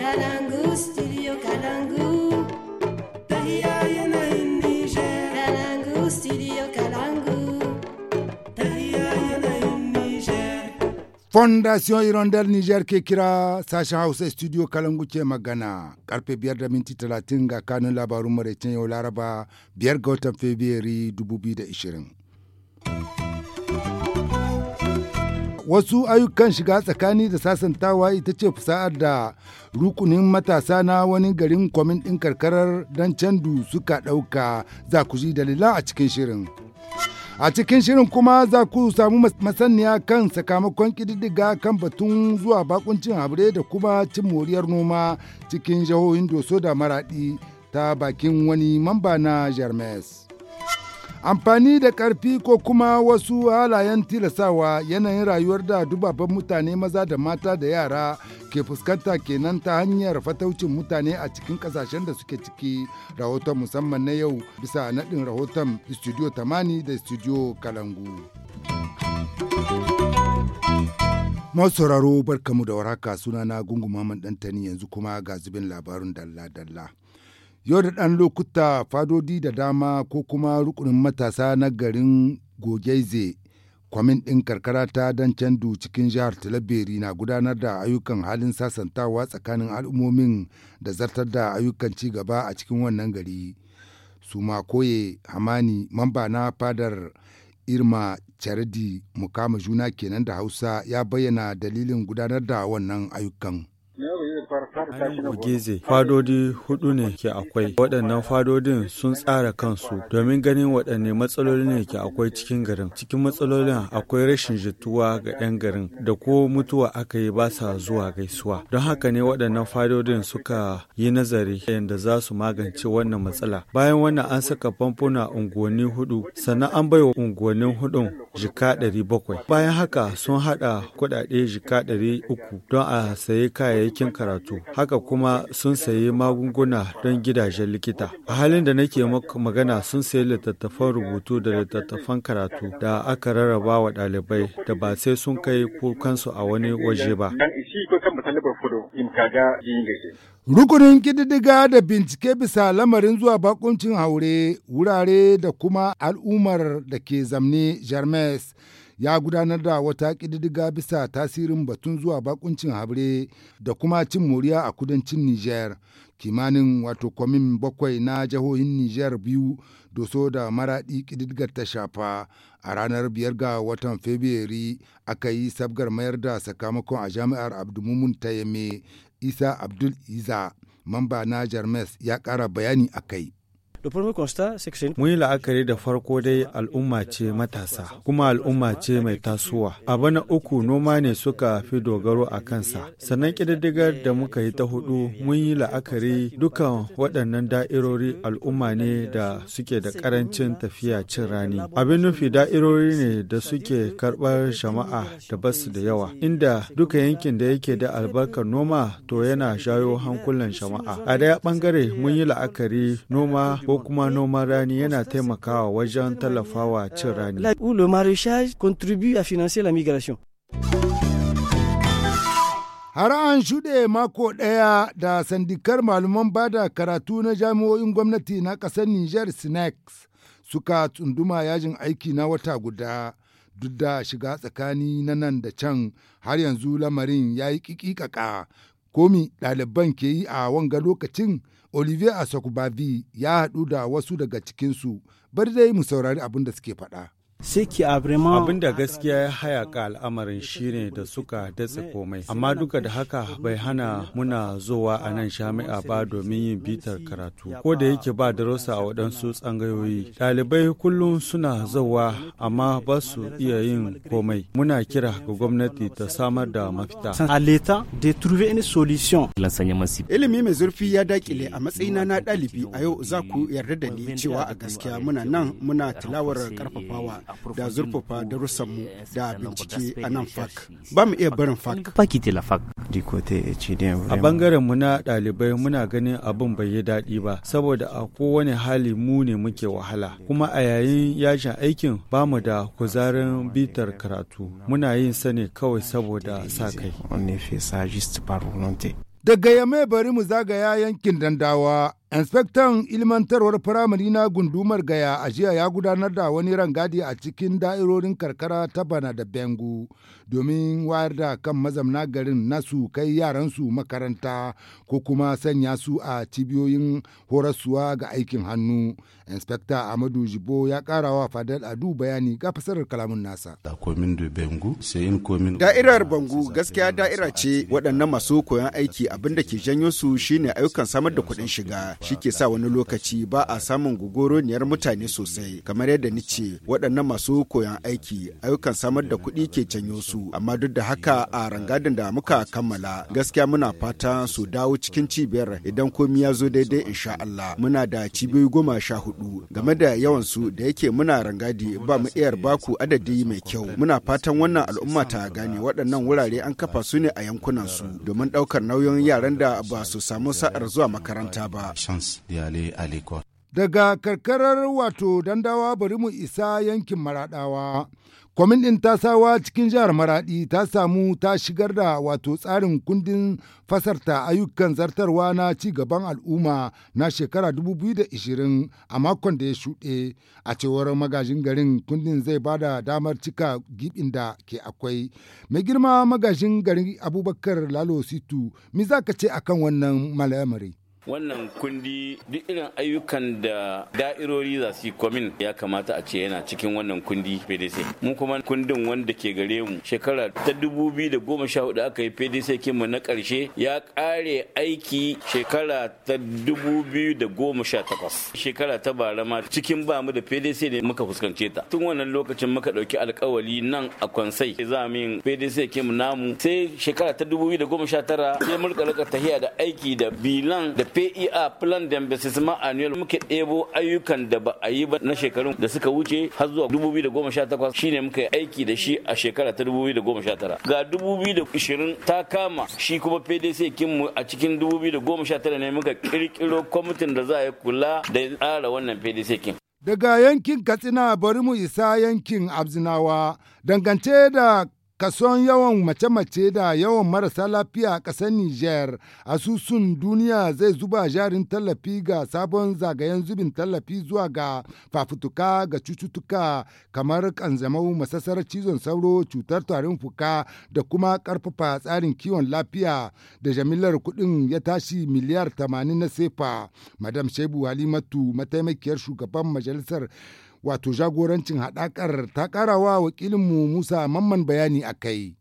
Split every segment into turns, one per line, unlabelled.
Kalangu, studio Niger.
Fondation Hirondelle Niger ke kira sashen Hausa studio Kalangu ce magana. Karfe biyar da minti talatin ga kanun labarun maraicin yau Laraba biyar ga watan Fabrairu 2020. wasu ayyukan shiga tsakani da sasantawa ita ce fusa'ar da rukunin matasa na wani garin kwamin ɗin karkarar don candu suka ɗauka za ku ji dalila a cikin shirin. A cikin shirin kuma za ku samu masaniya kan sakamakon ƙididdiga kan batun zuwa bakuncin habire da kuma cin moriyar noma cikin jihohin doso da maraɗi ta bakin wani mamba na Jermes. amfani da ƙarfi ko kuma wasu halayen tilasawa yanayin rayuwar da dubabban mutane maza da mata da yara ke fuskanta kenan ta hanyar fataucin mutane a cikin ƙasashen da suke ciki rahoton musamman na yau bisa naɗin rahoton studio tamani da studio kalangu masu sauraro barkamu da warhaka sunana gungu maman ɗantani yanzu kuma ga zubin labarun dalla-dalla Yau da ɗan lokuta fadodi da dama ko kuma rukunin matasa na garin Gogeize, kwamin ɗin karkara ta dan candu cikin jihar Talabiri na gudanar da ayyukan halin sasantawa tsakanin al'ummomin da zartar da ayyukan ci gaba a cikin wannan gari. Suma koye Hamani, mamba na fadar Irma Chardi Mukama Juna kenan da Hausa ya bayyana dalilin gudanar da wannan ayyukan.
Ayan Ogeze
fadodi hudu ne ke akwai. Waɗannan
fadodin sun tsara kansu domin ganin waɗanne matsaloli ne ke akwai cikin garin. Cikin matsalolin akwai rashin jituwa ga 'yan garin da ko mutuwa aka yi ba sa zuwa gaisuwa. Don haka ne waɗannan fadodin suka yi nazari yadda za su magance wannan matsala. Bayan wannan an saka famfuna unguwanni hudu sannan an bai wa unguwannin hudun jika ɗari bakwai. Bayan haka sun haɗa kuɗaɗe jika ɗari uku don a sayi kayayyaki kayayyakin karatu, haka kuma sun sayi magunguna don gidajen likita. A halin da nake magana sun sayi littattafan rubutu da littattafan karatu da aka rarraba wa ɗalibai da ba sai sun kai kukansu a wani waje ba.
Rukunin ƙididdiga da bincike bisa lamarin zuwa bakuncin haure, wurare da kuma al'ummar da ke zamne Jarmes. ya gudanar da wata ƙididdiga bisa tasirin batun zuwa bakuncin habre da kuma cin moriya a kudancin Nijar. Kimanin wato kwamin bakwai na jihohin Nijar biyu doso da maraɗi ƙididdigar ta shafa a ranar biyar ga watan Fabrairu aka yi sabgar mayar da sakamakon a jami'ar Abdulmumun ta Isa Abdul Iza, mamba na Jarmes ya ƙara bayani a kai.
Mun yi la'akari da farko dai al'umma ce matasa, kuma al'umma ce mai tasowa. A bana uku noma ne suka fi dogaro a kansa. Sannan ƙididdigar da muka yi ta hudu mun yi la'akari dukan waɗannan da'irori al'umma ne da suke da ƙarancin tafiya cin rani. Abin nufi da'irori ne da suke karɓar jama'a da basu da yawa, inda duka yankin da yake da albarkar noma to yana shayo hankulan jama'a. A daya bangare mun yi la'akari noma ko kuma noman rani yana taimakawa wajen tallafawa cin rani. Le
migration. Har an shuɗe mako ɗaya da sandikar malaman bada karatu na jami'o'in gwamnati na ƙasar Nijar Sinex suka tsunduma yajin aiki na wata guda duk da shiga tsakani na nan da can har yanzu lamarin ya yi ƙiƙiƙaƙa komi ɗaliban ke yi a wanga lokacin Olivier Asokubavi ya haɗu da wasu daga cikinsu, bari dai mu saurari abin da suke faɗa. Abin
da gaskiya ya ka al'amarin shine da suka datse komai, amma duka da haka bai hana muna zowa a nan shami'a ba domin yin bitar karatu. Ko da yake ba darussa a waɗansu tsangayoyi, ɗalibai kullum suna zowa amma ba su iya yin komai. Muna kira ga gwamnati ta samar da mafita. A leta de trouver
une solution. Ilimi mai zurfi ya dakile a matsayina na ɗalibi a yau za ku yarda da ni cewa a gaskiya muna nan muna tilawar karfafawa da zurfafa mu da bincike a nan fak ba mu iya barin fak
a
bangaren mu na ɗalibai muna ganin abin bai yi daɗi ba saboda a kowane hali mu ne muke wahala kuma a yayin yashin aikin ba mu da kuzarin bitar karatu muna yin sani kawai saboda sa kai
daga yame bari mu zagaya yankin dandawa Inspektan ilmantarwar firamare na gundumar Gaya a jiya ya gudanar da wani rangadi a cikin da'irorin karkara ta Bana da Bengu domin wayar da kan mazamna garin nasu kai yaransu makaranta ko kuma sanya su a cibiyoyin horasuwa ga aikin hannu. Inspekta Amadu Jibo ya kara wa Adu bayani ga fasarar kalamun nasa. Da'irar
Bangu gaskiya da'ira ce waɗannan masu koyon aiki abinda da ke janyo su shine ayyukan samar da kuɗin shiga. shi ke sa wani lokaci ba a samun gugoroniyar mutane sosai kamar yadda ni ce waɗannan masu koyon aiki ayyukan samar da kuɗi ke canyo su amma duk da haka a rangadin da muka kammala gaskiya muna fata su dawo cikin cibiyar idan komi ya zo daidai insha Allah muna da cibiyoyi goma sha hudu game da yawan su da yake muna rangadi ba mu iyar baku adadi mai kyau muna fatan wannan al'umma ta gane waɗannan wurare an kafa su ne a yankunan su domin ɗaukar nauyin yaran da ba su samu sa'ar zuwa makaranta ba. chance Diale Aliko.
Daga karkarar wato dandawa bari mu isa yankin maraɗawa. Kwamin ɗin tasawa cikin jihar Maraɗi ta samu ta shigar da wato tsarin kundin fasarta ayyukan zartarwa na ci gaban al'umma na shekara 2020 a makon da ya shuɗe a cewar magajin garin kundin zai ba da damar cika giɗin da ke akwai. Mai girma magajin garin Abubakar Lalo Situ, mi za ka ce akan wannan malamari?
wannan kundi duk irin ayyukan da da'irori za su yi kwamin ya kamata a ce yana cikin wannan kundi pdc mun kuma kundin wanda ke gare mu shekara ta dubu biyu da goma sha hudu aka yi pdc kinmu na karshe ya kare aiki shekara ta dubu biyu da goma sha takwas shekara ta bara ma cikin ba mu da pdc ne muka fuskance ta tun wannan lokacin muka ɗauki alkawali nan a kwansai za mu pdc kinmu namu sai shekara ta dubu biyu da goma sha tara sai mulka tahiya da aiki da bilan da PER plan de investissement annuel muke ɗebo ayyukan da ba a yi ba na shekarun da suka wuce har zuwa 2018 shine muka yi aiki da shi a shekara ta 2019 ga 2020 ta kama shi kuma PDC mu a cikin 2019 ne muka kirkiro kwamitin da za a yi kula da tsara wannan PDC kin
Daga yankin Katsina bari mu isa yankin Abzinawa dangance da kason yawan mace-mace da yawan marasa lafiya a ƙasar Nijar, asusun duniya zai zuba jarin tallafi ga sabon zagayen zubin tallafi zuwa ga fafutuka ga cututtuka kamar kanzamau masasar cizon sauro cutar tarin fuka da kuma ƙarfafa tsarin kiwon lafiya da jamilar kuɗin ya tashi miliyar 80 na sefa. Madam Shebu Halimatu mataimakiyar shugaban majalisar wato jagorancin haɗakar ta wakilin mu Musa Mamman bayani a kai.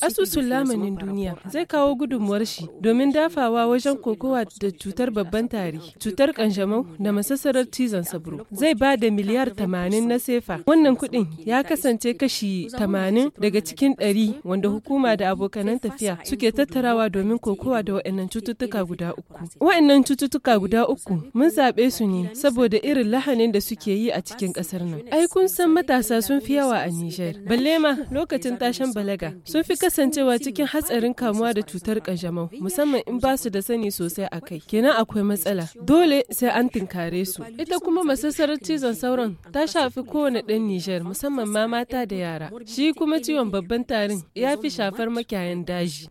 Asusun lamanin duniya zai kawo gudunmuwar shi domin dafawa wajen kokowa da cutar babban tari, cutar kanjamau da masasarar cizon sabro. Zai ba da miliyar tamanin na sefa. Wannan kuɗin ya kasance kashi tamanin daga cikin ɗari wanda hukuma da abokanan tafiya suke tattarawa domin kokowa da waɗannan cututtuka guda uku. Waɗannan cututtuka guda uku mun zaɓe su ne saboda irin lahanin da suke suke yi a cikin kasar nan. Ai kun san matasa sun fi yawa a Nijar. Balle ma lokacin tashin balaga sun fi kasancewa cikin hatsarin kamuwa da cutar kanjamau musamman in ba su da sani sosai a kai. Kenan akwai matsala. Dole sai an tinkare su. Ita kuma masassarar cizon sauran ta shafi kowane dan Nijar musamman ma mata da yara. Shi kuma ciwon babban tarin ya fi shafar makiyayan daji.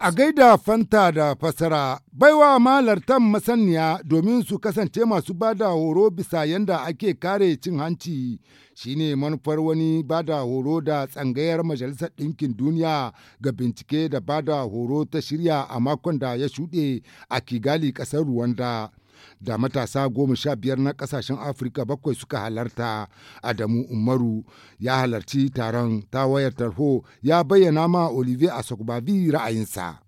A
gaida fanta da fasara baiwa malartan masaniya domin su kasance masu bada horo horo bisa yadda ake kare cin hanci shine manufar wani bada horo da tsangayar majalisar ɗinkin duniya ga bincike da bada horo ta shirya a makon da ya shuɗe a kigali ƙasar ruwanda da matasa goma sha biyar na ƙasashen afirka bakwai suka halarta adamu umaru ya halarci taron ta wayar tarho ya bayyana ma olivier asokbavi ra'ayinsa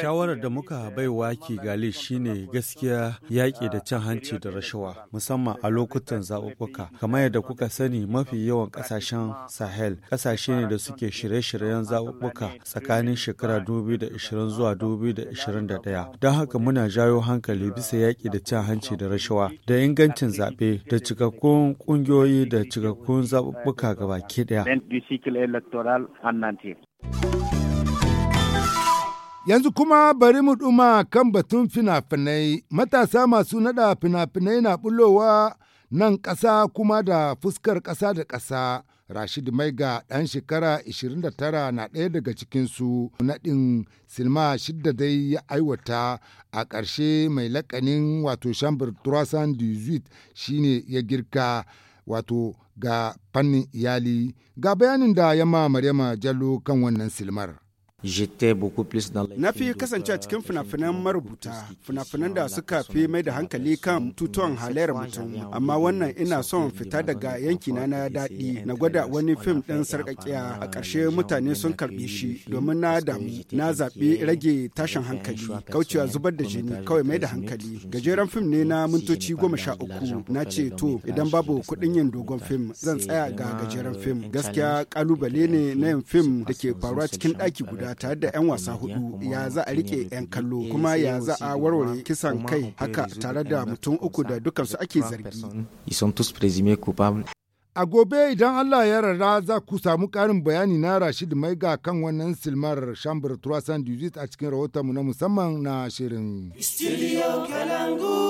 Shawarar da muka baiwa Kigali shine gaskiya yaƙi da cin hanci da rashawa, musamman a lokutan zaɓuɓɓuka. Kamar yadda kuka sani mafi yawan ƙasashen Sahel, ƙasashe ne da suke shirye-shiryen zaɓuɓɓuka tsakanin shekara 2020 zuwa 2021. Don haka muna jawo hankali bisa yaƙi da cin hanci da rashawa, da ingancin zaɓe, da cikakkun ƙungiyoyi
da cikakkun zaɓuɓɓuka gabaki ɗaya. Yanzu kuma bari mu ɗuma kan batun fina-finai, matasa masu naɗa fina-finai na bulowa nan ƙasa kuma da fuskar ƙasa da ƙasa. Rashid Maiga ɗan shekara 29 na ɗaya daga cikinsu naɗin silma shidda dai ya aiwata a ƙarshe mai laƙanin wato shambar turasan duzuit shine ya girka wato ga fannin iyali ga bayanin da yamma Maryama Jallo kan wannan silmar.
Na fi kasance cikin finafinan marubuta, finafinan da suka fi mai da hankali kan tutuwan halayyar mutum, amma wannan ina son fita daga yankina na daɗi na gwada wani fim ɗin sarƙaƙiya a ƙarshe mutane sun karɓi shi domin na damu na zaɓi rage tashin hankali, kaucewa zubar da jini kawai mai da hankali. Gajeren fim ne na mintoci goma sha uku na ce to idan babu kuɗin yin dogon fim zan tsaya ga gajeren fim. Gaskiya ƙalubale ne na yin fim da ke faruwa cikin ɗaki guda guda tare da 'yan wasa hudu ya za a rike 'yan kallo kuma ya za a warware kisan kai haka tare da mutum uku da
dukansu ake zargi.
A gobe idan Allah ya rara za ku samu karin bayani na Rashid ga kan wannan silmar Shambar Turasan a cikin mu na musamman na shirin.
Studio Kalangu.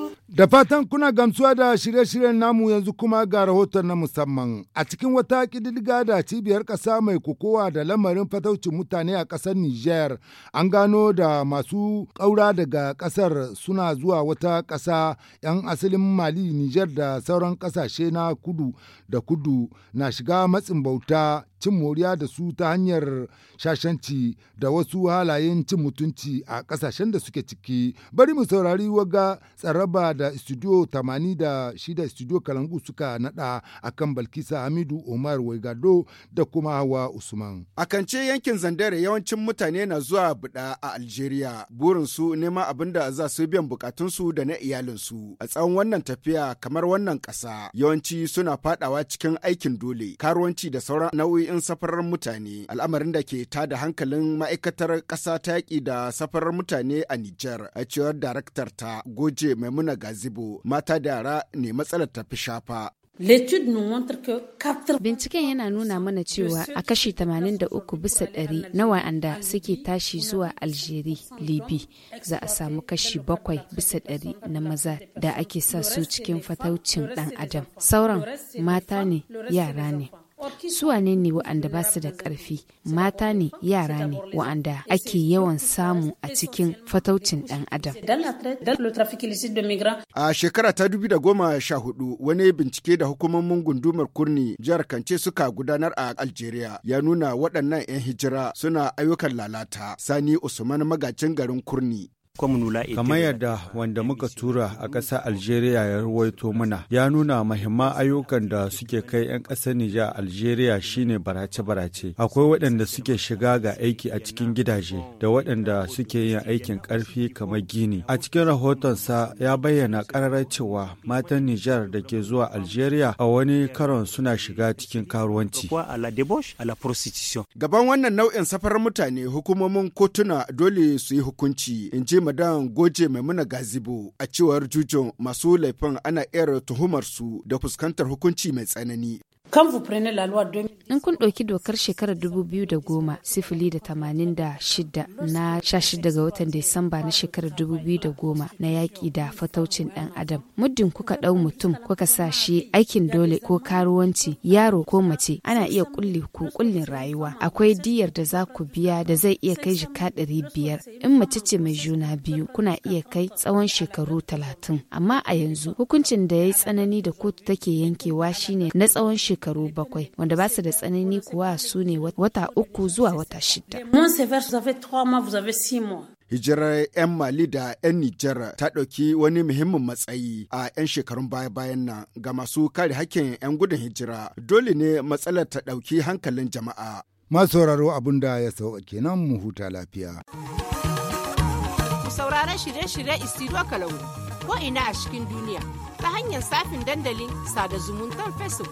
Da fatan kuna gamsuwa da shirye-shiryen namu yanzu kuma ga rahoton na musamman a cikin wata ƙididdiga da cibiyar ƙasa mai kokowa da lamarin fataucin mutane a ƙasar niger an gano da masu ƙaura daga ƙasar suna zuwa wata ƙasa 'yan asalin Mali niger da sauran ƙasashe na kudu da kudu na shiga matsin bauta cin moriya da su ta hanyar shashanci da wasu halayen cin mutunci a ƙasashen da suke ciki bari mu saurari waga tsaraba da studio 86 studio kalangu suka nada akan balkisa hamidu omar waigado da kuma hawa usman
akance yankin zandare yawancin mutane na zuwa buɗa a algeria burinsu neman abin da za su biyan bukatunsu da na iyalinsu a tsawon wannan tafiya kamar wannan ƙasa yawanci suna fadawa cikin aikin dole karuwanci da sauran nau'in safarar mutane al'amarin da ke ta da hankalin ma'aikatar ƙasa ta yaƙi da safarar mutane a Nijar. a cewar daraktar ta goje maimuna ga Kazibo mata da yara ne matsalar fi shafa.
Binciken yana nuna mana cewa a kashi 83 bisa 100 na wa'anda suke tashi zuwa Aljeri, Libi, za a samu kashi 7 bisa ɗari na maza da ake sa su cikin fataucin dan adam. Sauran mata ne, yara ne. su wane ne wa'anda ba su da ƙarfi mata ne yara ne wa'anda ake yawan samu a cikin fataucin ɗan adam a shekara
ta da goma sha wani bincike da hukumomin gundumar kurni jihar kance suka gudanar a algeria ya nuna waɗannan 'yan hijira suna ayyukan lalata sani usman magacin garin kurni kamar yadda
wanda muka tura a ƙasar algeria ya ruwaito mana ya nuna mahimman ayyukan da suke kai 'yan ƙasar nijar algeria shine barace-barace akwai waɗanda suke shiga ga aiki a cikin gidaje da waɗanda suke yin aikin ƙarfi kamar gini a cikin rahotonsa ya bayyana ƙararar cewa matan nijar da ke zuwa algeria a wani karon suna shiga cikin karuwanci
gaban wannan nau'in safar mutane hukumomin kotuna dole su yi hukunci in ji Ramadan goje Maimuna Gazibo a cewar jujun masu laifin ana iya tuhumar su da fuskantar hukunci mai tsanani.
In kun ɗauki dokar shekarar goma sifili da tamanin da shida na 16 ga watan Disamba na shekarar goma na yaƙi da fataucin ɗan adam. Muddin kuka ɗau mutum kuka sa shi aikin dole ko karuwanci yaro ko mace ana iya ƙulle ku ƙullin rayuwa. Akwai diyar da za ku biya da zai iya kai jika ɗari biyar. In mace ce mai juna biyu kuna iya kai tsawon shekaru talatin. Amma a yanzu hukuncin da ya yi tsanani da kotu take yankewa shine na tsawon shekaru shekaru bakwai wanda ba su da tsanani kuwa su ne wata uku zuwa wata shida.
hijirar 'yan mali da 'yan nijar ta ɗauki wani muhimmin matsayi a 'yan shekarun baya-bayan nan ga masu kare hakkin 'yan gudun hijira dole ne matsalar ta ɗauki hankalin jama'a
masu sauraro abin da ya sauka kenan mu huta lafiya
sauraron shirye-shirye istiro kalangu ko ina a cikin duniya ta hanyar safin dandalin sada zumuntar facebook